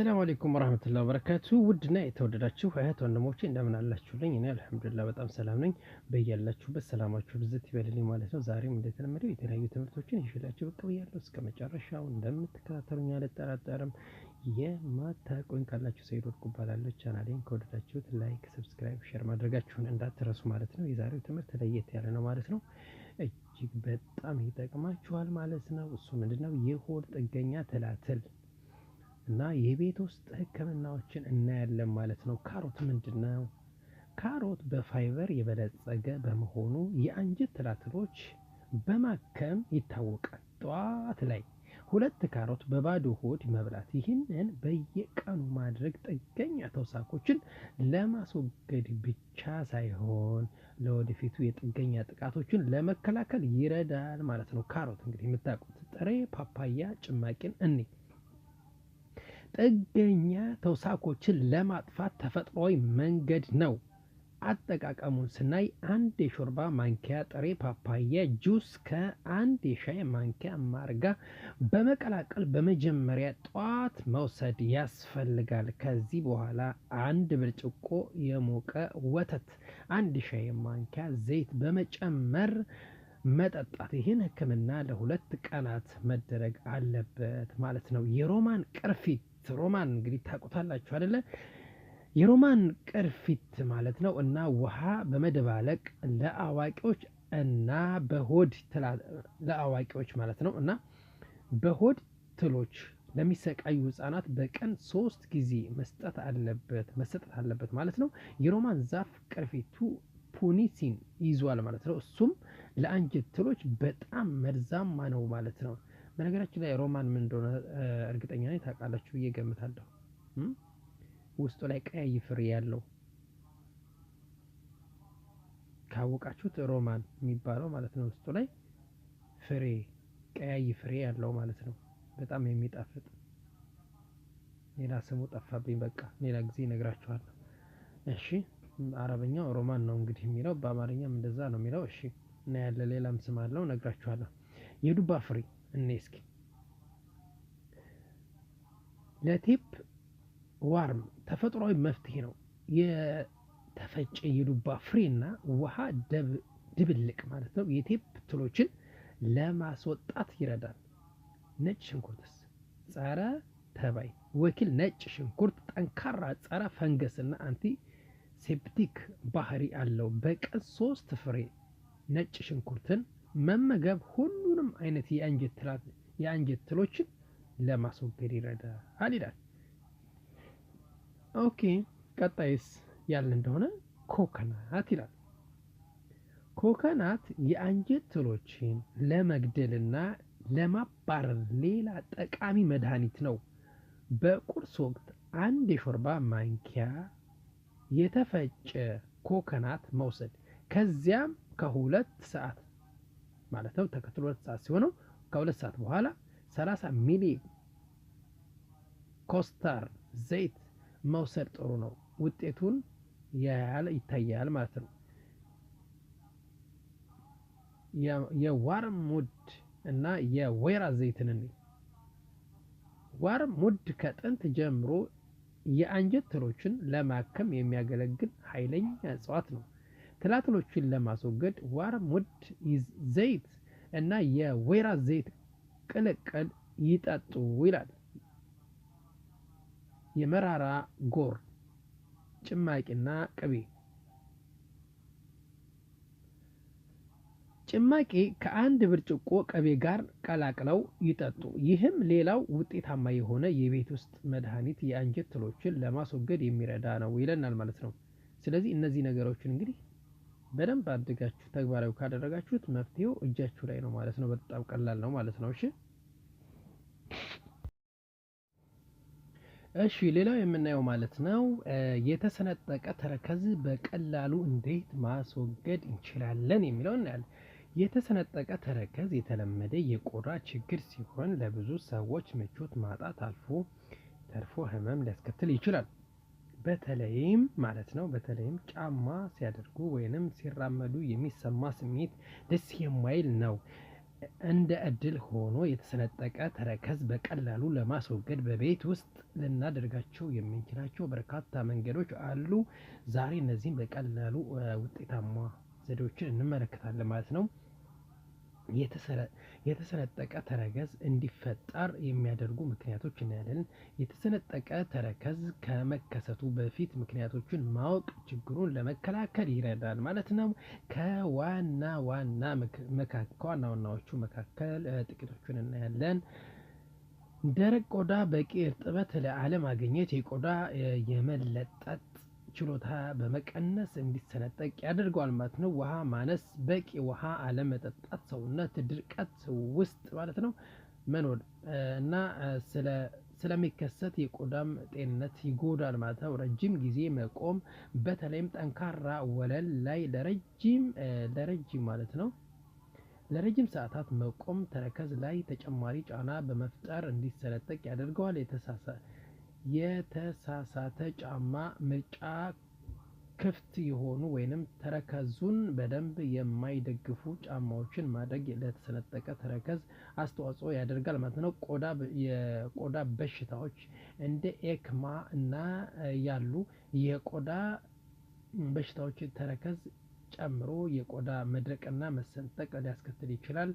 አሰላሙ አለይኩም ወራህመቱላ በረካቱ ውድና የተወደዳችሁ እህት ወንድሞቼ እንደምን አላችሁልኝ? እኔ አልሐምዱሊላ በጣም ሰላም ነኝ። በያላችሁበት ሰላማችሁ ብዝት ይበልልኝ ማለት ነው። ዛሬም እንደተለመደው የተለያዩ ትምህርቶችን ይዤላችሁ ብቅ ብያለሁ። እስከ መጨረሻው እንደምትከታተሉኝ አልጠራጠርም። የማታውቁኝ ካላችሁ ሰይድ ወርቁ ቻናሌን ከወደዳችሁት ላይክ፣ ሰብስክራይብ፣ ሼር ማድረጋችሁን እንዳትረሱ ማለት ነው። የዛሬው ትምህርት ለየት ያለ ነው ማለት ነው። እጅግ በጣም ይጠቅማችኋል ማለት ነው። እሱ ምንድነው? የሆድ ጥገኛ ትላትል እና የቤት ውስጥ ህክምናዎችን እናያለን ማለት ነው። ካሮት ምንድን ነው? ካሮት በፋይበር የበለጸገ በመሆኑ የአንጀት ትላትሎች በማከም ይታወቃል። ጠዋት ላይ ሁለት ካሮት በባዶ ሆድ መብላት፣ ይህንን በየቀኑ ማድረግ ጥገኛ ተውሳኮችን ለማስወገድ ብቻ ሳይሆን ለወደፊቱ የጥገኛ ጥቃቶችን ለመከላከል ይረዳል ማለት ነው። ካሮት እንግዲህ የምታውቁት ጥሬ ፓፓያ ጭማቂን እኔ ጥገኛ ተውሳኮችን ለማጥፋት ተፈጥሯዊ መንገድ ነው። አጠቃቀሙን ስናይ አንድ የሾርባ ማንኪያ ጥሬ ፓፓያ ጁስ ከአንድ የሻይ ማንኪያ ማርጋ በመቀላቀል በመጀመሪያ ጠዋት መውሰድ ያስፈልጋል። ከዚህ በኋላ አንድ ብርጭቆ የሞቀ ወተት፣ አንድ ሻይ ማንኪያ ዘይት በመጨመር መጠጣት። ይህን ሕክምና ለሁለት ቀናት መደረግ አለበት ማለት ነው። የሮማን ቅርፊት ሮማን እንግዲህ ታቁታላችሁ አደለ? የሮማን ቅርፊት ማለት ነው እና ውሃ በመደባለቅ ለአዋቂዎች እና በሆድ ለአዋቂዎች ማለት ነው እና በሆድ ትሎች ለሚሰቃዩ ህጻናት በቀን ሶስት ጊዜ መስጠት አለበት መሰጠት አለበት ማለት ነው። የሮማን ዛፍ ቅርፊቱ ፑኒሲን ይዟል ማለት ነው። እሱም ለአንጀት ትሎች በጣም መርዛማ ነው ማለት ነው። በነገራችን ላይ ሮማን ምን እንደሆነ እርግጠኛ ነኝ ታውቃላችሁ ብዬ ገምታለሁ። ውስጡ ላይ ቀያይ ፍሬ ያለው ካወቃችሁት ሮማን የሚባለው ማለት ነው። ውስጡ ላይ ፍሬ ቀያይ ፍሬ ያለው ማለት ነው። በጣም የሚጣፍጥ ሌላ ስሙ ጠፋብኝ። በቃ ሌላ ጊዜ እነግራችኋለሁ። እሺ አረበኛው ሮማን ነው እንግዲህ የሚለው፣ በአማርኛም እንደዛ ነው የሚለው። እሺ እና ያለ ሌላም ስም አለው፣ እነግራችኋለሁ። የዱባ ፍሬ እኔ እስኪ ለቴፕ ዋርም ተፈጥሯዊ መፍትሄ ነው። የተፈጨ የዱባ ፍሬና ውሃ ድብልቅ ማለት ነው የቴፕ ትሎችን ለማስወጣት ይረዳል። ነጭ ሽንኩርትስ ጸረ ተባይ ወኪል ነጭ ሽንኩርት ጠንካራ ጸረ ፈንገስና አንቲ ሴፕቲክ ባህሪ አለው። በቀን ሶስት ፍሬ ነጭ ሽንኩርትን መመገብ ሁሉንም አይነት የአንጀት ትሎችን ለማስወገድ ይረዳል ይላል። ኦኬ ቀጣይስ ያለ እንደሆነ ኮከናት ይላል። ኮከናት የአንጀት ትሎችን ለመግደልና ለማባረር ሌላ ጠቃሚ መድኃኒት ነው። በቁርስ ወቅት አንድ የሾርባ ማንኪያ የተፈጨ ኮከናት መውሰድ ከዚያም ከሁለት ሰዓት ማለት ነው ተከትሎ ሁለት ሰዓት ሲሆነው ከሁለት ሰዓት በኋላ 30 ሚሊ ኮስታር ዘይት መውሰድ ጥሩ ነው። ውጤቱን ያያል ይታያል ማለት ነው። የዋርሙድ እና የወይራ ዘይትን ዋርሙድ ከጥንት ጀምሮ የአንጀት ትሎችን ለማከም የሚያገለግል ኃይለኛ እጽዋት ነው። ትላትሎችን ለማስወገድ ውድ ዘይት እና የወይራ ዘይት ቅልቅል ይጠጡ ይላል። የመራራ ጎር ጭማቂና ቅቤ ጭማቂ ከአንድ ብርጭቆ ቅቤ ጋር ቀላቅለው ይጠጡ። ይህም ሌላው ውጤታማ የሆነ የቤት ውስጥ መድኃኒት የአንጀት ትሎችን ለማስወገድ የሚረዳ ነው ይለናል ማለት ነው። ስለዚህ እነዚህ ነገሮችን እንግዲህ በደንብ አድጋችሁ ተግባራዊ ካደረጋችሁት መፍትሄው እጃችሁ ላይ ነው ማለት ነው። በጣም ቀላል ነው ማለት ነው። እሺ እሺ ሌላው የምናየው ማለት ነው የተሰነጠቀ ተረከዝ በቀላሉ እንዴት ማስወገድ እንችላለን የሚለው እናያለን። የተሰነጠቀ ተረከዝ የተለመደ የቆዳ ችግር ሲሆን ለብዙ ሰዎች ምቾት ማጣት አልፎ ተርፎ ህመም ሊያስከትል ይችላል። በተለይም ማለት ነው በተለይም ጫማ ሲያደርጉ ወይንም ሲራመዱ የሚሰማ ስሜት ደስ የማይል ነው። እንደ እድል ሆኖ የተሰነጠቀ ተረከዝ በቀላሉ ለማስወገድ በቤት ውስጥ ልናደርጋቸው የምንችላቸው በርካታ መንገዶች አሉ። ዛሬ እነዚህም በቀላሉ ውጤታማ ዘዴዎችን እንመለከታለን ማለት ነው። የተሰነጠቀ ተረከዝ እንዲፈጠር የሚያደርጉ ምክንያቶች እናያለን። የተሰነጠቀ ተረከዝ ከመከሰቱ በፊት ምክንያቶችን ማወቅ ችግሩን ለመከላከል ይረዳል ማለት ነው። ከዋና ዋና ከዋና ዋናዎቹ መካከል ጥቂቶቹን እናያለን። ደረቅ ቆዳ በቂ እርጥበት ለአለማግኘት፣ የቆዳ የመለጠጥ ችሎታ በመቀነስ እንዲሰነጠቅ ያደርገዋል ማለት ነው። ውሃ ማነስ፣ በቂ ውሃ አለመጠጣት፣ ሰውነት ድርቀት ውስጥ ማለት ነው መኖር እና ስለሚከሰት የቆዳም ጤንነት ይጎዳል ማለት ነው። ረጅም ጊዜ መቆም በተለይም ጠንካራ ወለል ላይ ለረጅም ለረጅም ማለት ነው ለረጅም ሰዓታት መቆም ተረከዝ ላይ ተጨማሪ ጫና በመፍጠር እንዲሰነጠቅ ያደርገዋል። የተሳሳተ ጫማ ምርጫ ክፍት የሆኑ ወይንም ተረከዙን በደንብ የማይደግፉ ጫማዎችን ማድረግ ለተሰነጠቀ ተረከዝ አስተዋጽኦ ያደርጋል ማለት ነው። ቆዳ የቆዳ በሽታዎች እንደ ኤክማ እና ያሉ የቆዳ በሽታዎች ተረከዝ ጨምሮ የቆዳ መድረቅና መሰንጠቅ ሊያስከትል ይችላል።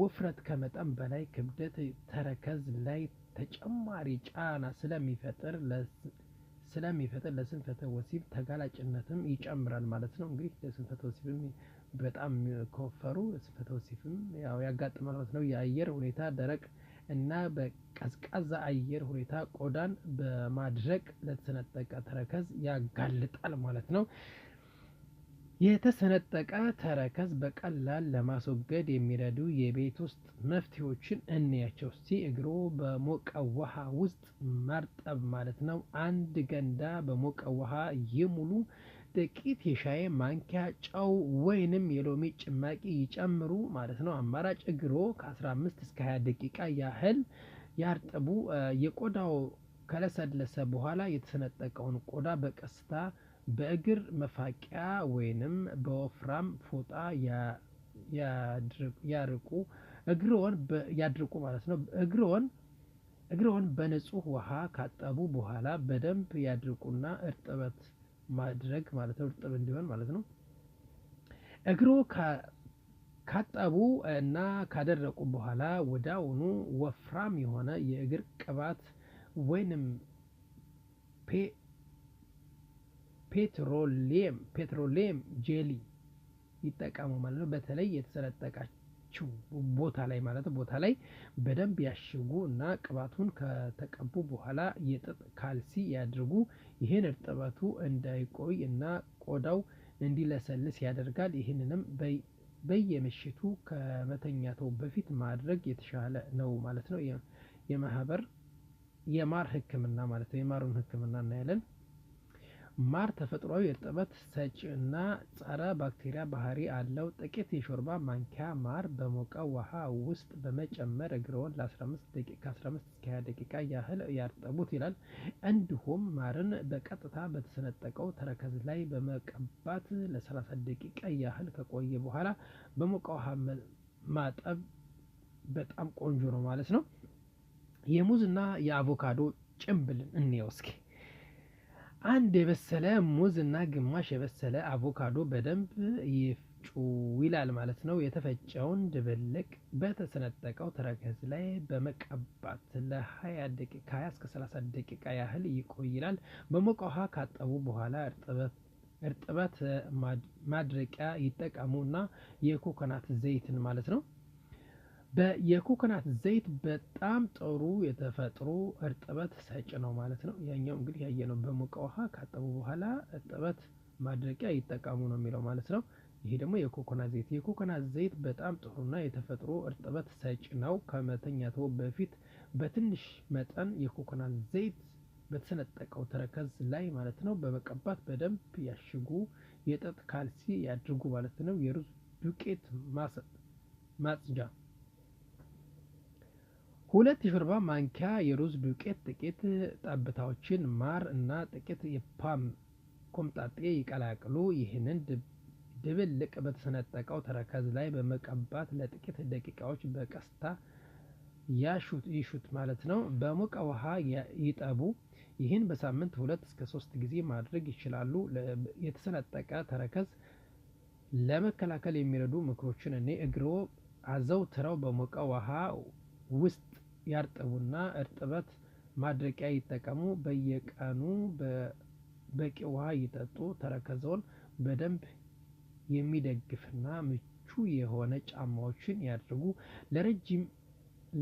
ውፍረት ከመጠን በላይ ክብደት ተረከዝ ላይ ተጨማሪ ጫና ስለሚፈጥር ስለሚፈጥር ለስንፈተ ወሲብ ተጋላጭነትም ይጨምራል ማለት ነው። እንግዲህ ለስንፈተ ወሲብም በጣም ከወፈሩ ስንፈተ ወሲብም ያው ያጋጥማል ማለት ነው። የአየር ሁኔታ ደረቅ እና በቀዝቃዛ አየር ሁኔታ ቆዳን በማድረቅ ለተሰነጠቀ ተረከዝ ያጋልጣል ማለት ነው። የተሰነጠቀ ተረከዝ በቀላል ለማስወገድ የሚረዱ የቤት ውስጥ መፍትሄዎችን እንያቸው እስቲ። እግሮ በሞቀ ውሃ ውስጥ ማርጠብ ማለት ነው። አንድ ገንዳ በሞቀ ውሃ ይሙሉ። ጥቂት የሻይ ማንኪያ ጨው ወይንም የሎሚ ጭማቂ ይጨምሩ ማለት ነው። አማራጭ እግሮ ከ15 እስከ 20 ደቂቃ ያህል ያርጥቡ። የቆዳው ከለሰለሰ በኋላ የተሰነጠቀውን ቆዳ በቀስታ በእግር መፋቂያ ወይንም በወፍራም ፎጣ ያድርቁ እግሮን ያድርቁ ማለት ነው። እግሮን እግሮን በንጹህ ውሃ ካጠቡ በኋላ በደንብ ያድርቁና እርጥበት ማድረግ ማለት ነው። እርጥብ እንዲሆን ማለት ነው። እግሮ ካጠቡ እና ካደረቁ በኋላ ወዳውኑ ወፍራም የሆነ የእግር ቅባት ወይንም ፔትሮሌም ፔትሮሌም ጄሊ ይጠቀሙ ማለት ነው። በተለይ የተሰነጠቃችው ቦታ ላይ ማለት ቦታ ላይ በደንብ ያሽጉ እና ቅባቱን ከተቀቡ በኋላ የጥጥ ካልሲ ያድርጉ። ይህን እርጥበቱ እንዳይቆይ እና ቆዳው እንዲለሰልስ ያደርጋል። ይህንንም በየምሽቱ ከመተኛተው በፊት ማድረግ የተሻለ ነው ማለት ነው። የማህበር የማር ህክምና ማለት ነው። የማሩን ህክምና እናያለን። ማር ተፈጥሯዊ እርጥበት ሰጪ እና ጸረ ባክቴሪያ ባህሪ አለው። ጥቂት የሾርባ ማንኪያ ማር በሞቀ ውሃ ውስጥ በመጨመር እግረውን ለ15 እስከ 20 ደቂቃ ያህል ያርጠቡት ይላል። እንዲሁም ማርን በቀጥታ በተሰነጠቀው ተረከዝ ላይ በመቀባት ለ30 ደቂቃ ያህል ከቆየ በኋላ በሞቀ ውሃ ማጠብ በጣም ቆንጆ ነው ማለት ነው። የሙዝ እና የአቮካዶ ጭምብልን እንየው እስኪ። አንድ የበሰለ ሙዝ እና ግማሽ የበሰለ አቮካዶ በደንብ ይፍጩ ይላል ማለት ነው። የተፈጨውን ድብልቅ በተሰነጠቀው ተረከዝ ላይ በመቀባት ለ20 ደቂቃ እስከ 30 ደቂቃ ያህል ይቆይ በሞቀ ውሃ ካጠቡ በኋላ እርጥበት እርጥበት ማድረቂያ ይጠቀሙ እና የኮኮናት ዘይትን ማለት ነው የኮኮናት ዘይት በጣም ጥሩ የተፈጥሮ እርጥበት ሰጭ ነው ማለት ነው። ያኛው እንግዲህ ያየነው በሞቀ ውሃ ካጠቡ በኋላ እርጥበት ማድረቂያ ይጠቀሙ ነው የሚለው ማለት ነው። ይሄ ደግሞ የኮኮናት ዘይት የኮኮናት ዘይት በጣም ጥሩና የተፈጥሮ እርጥበት ሰጭ ነው። ከመተኛትዎ በፊት በትንሽ መጠን የኮኮናት ዘይት በተሰነጠቀው ተረከዝ ላይ ማለት ነው በመቀባት በደንብ ያሽጉ። የጠጥ ካልሲ ያድርጉ ማለት ነው። የሩዝ ዱቄት ማጽጃ ሁለት የሾርባ ማንኪያ የሩዝ ዱቄት፣ ጥቂት ጠብታዎችን ማር እና ጥቂት የፓም ኮምጣጤ ይቀላቅሉ። ይህንን ድብልቅ በተሰነጠቀው ተረከዝ ላይ በመቀባት ለጥቂት ደቂቃዎች በቀስታ ያሹት ይሹት ማለት ነው። በሙቀ ውሃ ይጠቡ። ይህን በሳምንት ሁለት እስከ ሶስት ጊዜ ማድረግ ይችላሉ። የተሰነጠቀ ተረከዝ ለመከላከል የሚረዱ ምክሮችን እኔ እግሮ አዘውትረው በሞቀ ውሃ ውስጥ ያርጥቡና እርጥበት ማድረቂያ ይጠቀሙ። በየቀኑ በቂ ውሃ ይጠጡ። ተረከዞን በደንብ የሚደግፍና ምቹ የሆነ ጫማዎችን ያድርጉ።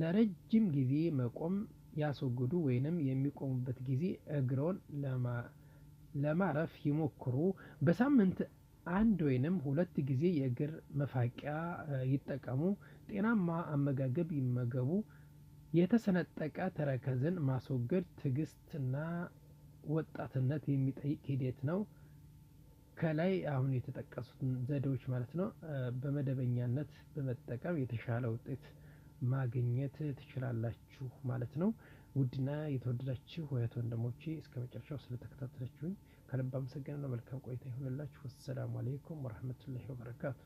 ለረጅም ጊዜ መቆም ያስወግዱ ወይንም የሚቆሙበት ጊዜ እግሮን ለማረፍ ይሞክሩ። በሳምንት አንድ ወይንም ሁለት ጊዜ የእግር መፋቂያ ይጠቀሙ። ጤናማ አመጋገብ ይመገቡ። የተሰነጠቀ ተረከዝን ማስወገድ ትዕግስትና ወጣትነት የሚጠይቅ ሂደት ነው። ከላይ አሁን የተጠቀሱትን ዘዴዎች ማለት ነው በመደበኛነት በመጠቀም የተሻለ ውጤት ማግኘት ትችላላችሁ ማለት ነው። ውድና የተወደዳችሁ ወያት ወንድሞቼ እስከ መጨረሻው ስለተከታተላችሁኝ ከልብ አመሰግናለሁ። መልካም ቆይታ ይሁንላችሁ። ወሰላሙ አሌይኩም ወረህመቱላሂ ወበረካቱ።